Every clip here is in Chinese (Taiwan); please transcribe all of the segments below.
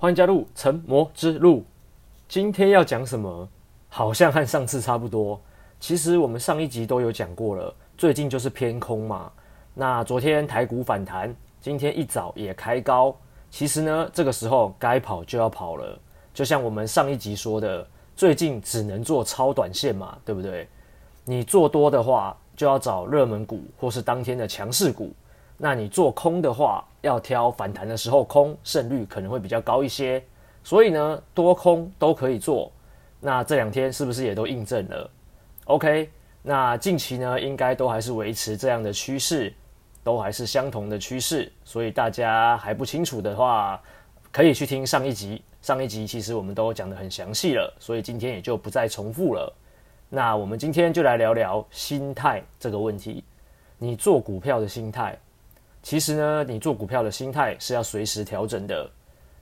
歡迎加入成魔之路。今天要講什麼？好像和上次差不多。其實我們上一集都有講過了。最近就是偏空嘛。那昨天台股反彈，今天一早也開高。其實呢，這個時候該跑就要跑了。就像我們上一集說的，最近只能做超短線嘛，對不對？你做多的話，就要找熱門股或是當天的強勢股。那你做空的話，要挑反彈的時候空，勝率可能會比較高一些。所以呢，多空都可以做。那這兩天是不是也都印證了？OK，那近期呢，應該都還是維持這樣的趨勢，都還是相同的趨勢。所以大家還不清楚的話，可以去聽上一集。上一集其實我們都講得很詳細了，所以今天也就不再重複了。那我們今天就來聊聊心態這個問題，你做股票的心態。其實呢，你做股票的心態是要隨時調整的。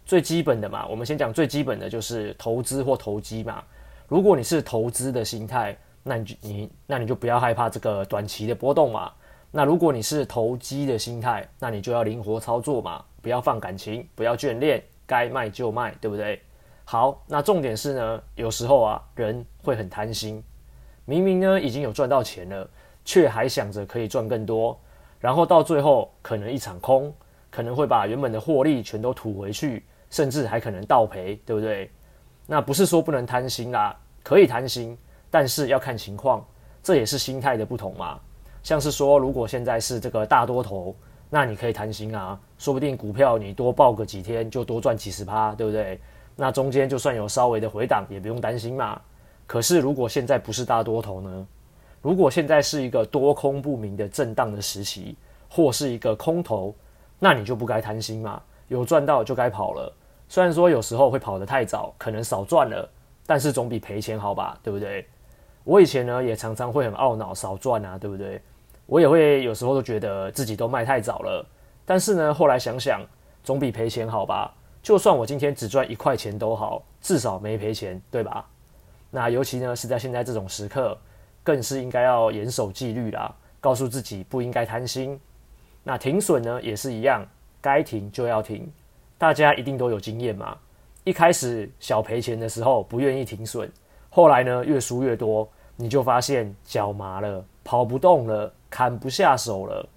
最基本的嘛，我們先講最基本的，就是投資或投機嘛。如果你是投資的心態，那你就你那你就不要害怕這個短期的波動嘛。那如果你是投機的心態，那你就要靈活操作嘛，不要放感情，不要眷戀，該賣就賣，對不對？好，那重點是呢，有時候啊，人會很貪心，明明呢，已經有賺到錢了，卻還想着可以賺更多。然後到最後，可能一場空，可能會把原本的獲利全都吐回去，甚至還可能倒賠，對不對？那不是說不能貪心啦、啊，可以貪心，但是要看情況，這也是心態的不同嘛。像是說，如果現在是這個大多頭，那你可以貪心啊，說不定股票你多報個幾天就多賺幾十趴，對不對？那中間就算有稍微的回檔，也不用擔心嘛。可是如果現在不是大多頭呢？如果現在是一個多空不明的震盪的時期，或是一個空頭，那你就不該貪心嘛。有賺到就該跑了。雖然說有時候會跑得太早，可能少賺了，但是總比賠錢好吧？對不對？我以前呢也常常會很懊惱少賺啊，對不對？我也會有時候都覺得自己都賣太早了。但是呢，後來想想，總比賠錢好吧？就算我今天只賺一塊錢都好，至少沒賠錢，對吧？那尤其呢是在現在這種時刻。更是應該要嚴守紀律啦，告訴自己不應該貪心。那停損呢，也是一樣，該停就要停。大家一定都有經驗嘛。一開始小賠錢的時候不願意停損，後來呢越輸越多，你就發現腳麻了，跑不動了，砍不下手了。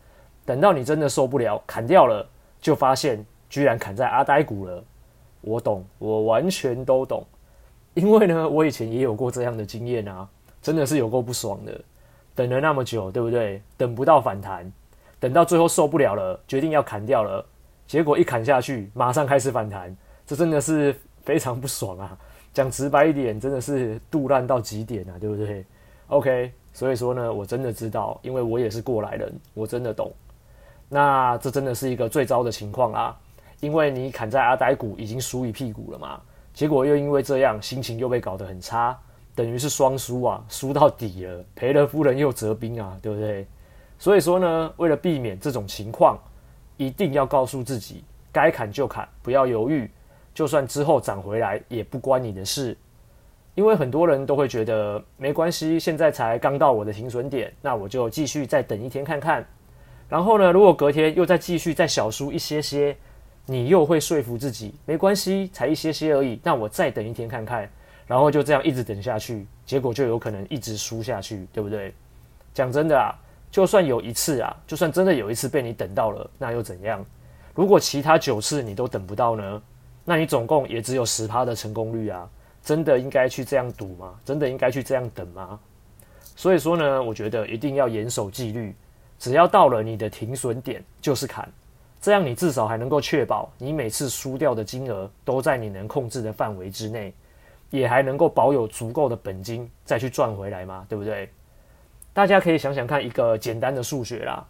等到你真的受不了，砍掉了，就發現居然砍在阿呆谷了。我懂，我完全都懂，因為呢，我以前也有過這樣的經驗啊。真的是有夠不爽的，等了那麼久，對不對？等不到反彈，等到最後受不了了，決定要砍掉了，結果一砍下去，馬上開始反彈，這真的是非常不爽啊！講直白一點，真的是肚爛到極點啊，對不對？OK，所以說呢，我真的知道，因為我也是過來人，我真的懂。那這真的是一個最糟的情況啊，因為你砍在阿呆谷已經輸一屁股了嘛，結果又因為這樣，心情又被搞得很差。等於是雙輸啊，輸到底了，賠了夫人又折兵啊，對不對？所以說呢，為了避免這種情況，一定要告訴自己，該砍就砍，不要猶豫，就算之後漲回來也不關你的事。因為很多人都會覺得沒關係，現在才剛到我的停損點，那我就繼續再等一天看看。然後呢，如果隔天又再繼續再小輸一些些，你又會說服自己沒關係，才一些些而已，那我再等一天看看。然後就這樣一直等下去，結果就有可能一直輸下去，對不對？講真的啊，就算有一次啊，就算真的有一次被你等到了，那又怎樣？如果其他九次你都等不到呢？那你總共也只有十趴的成功率啊！真的應該去這樣賭嗎？真的應該去這樣等嗎？所以說呢，我覺得一定要嚴守紀律，只要到了你的停損點，就是砍，這樣你至少還能夠確保你每次輸掉的金額都在你能控制的範圍之內。也還能夠保有足夠的本金再去賺回來嘛，對不對？大家可以想想看一個簡單的數學啦。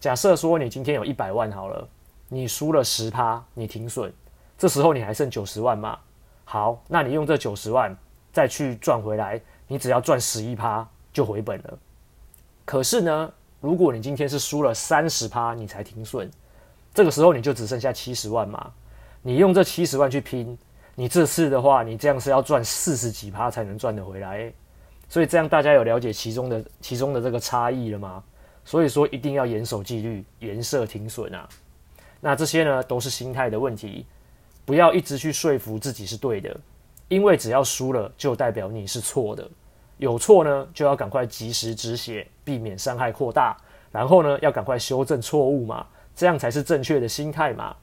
假設說你今天有一百萬好了，你輸了十趴，你停損，這時候你還剩九十萬嘛。好，那你用這九十萬再去賺回來，你只要賺十一趴就回本了。可是呢，如果你今天是輸了三十趴你才停損，這個時候你就只剩下七十萬嘛，你用這七十萬去拼。你這次的話，你這樣是要賺四十幾趴才能賺得回來，所以這樣大家有了解其中的其中的這個差異了嗎？所以說一定要嚴守紀律，嚴設停損啊。那這些呢都是心態的問題，不要一直去說服自己是對的，因為只要輸了就代表你是錯的，有錯呢就要趕快及時止血，避免傷害擴大，然後呢要趕快修正錯誤嘛，這樣才是正確的心態嘛。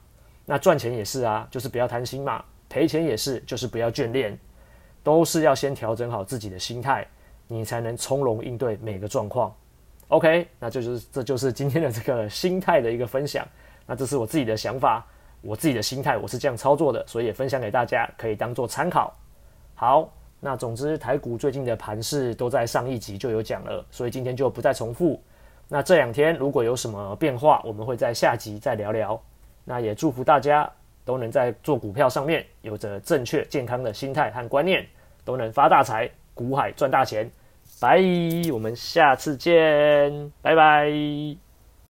那賺錢也是啊，就是不要貪心嘛。賠錢也是，就是不要眷戀，都是要先調整好自己的心態，你才能從容應對每個狀況。OK，那這就,就是這就是今天的這個心態的一個分享。那這是我自己的想法，我自己的心態，我是這樣操作的，所以也分享給大家可以當做參考。好，那總之台股最近的盤勢都在上一集就有講了，所以今天就不再重複。那這兩天如果有什麼變化，我們會在下集再聊聊。那也祝福大家。都能在做股票上面有着正確健康的心態和觀念，都能發大財，股海賺大錢。拜，我們下次見，拜拜。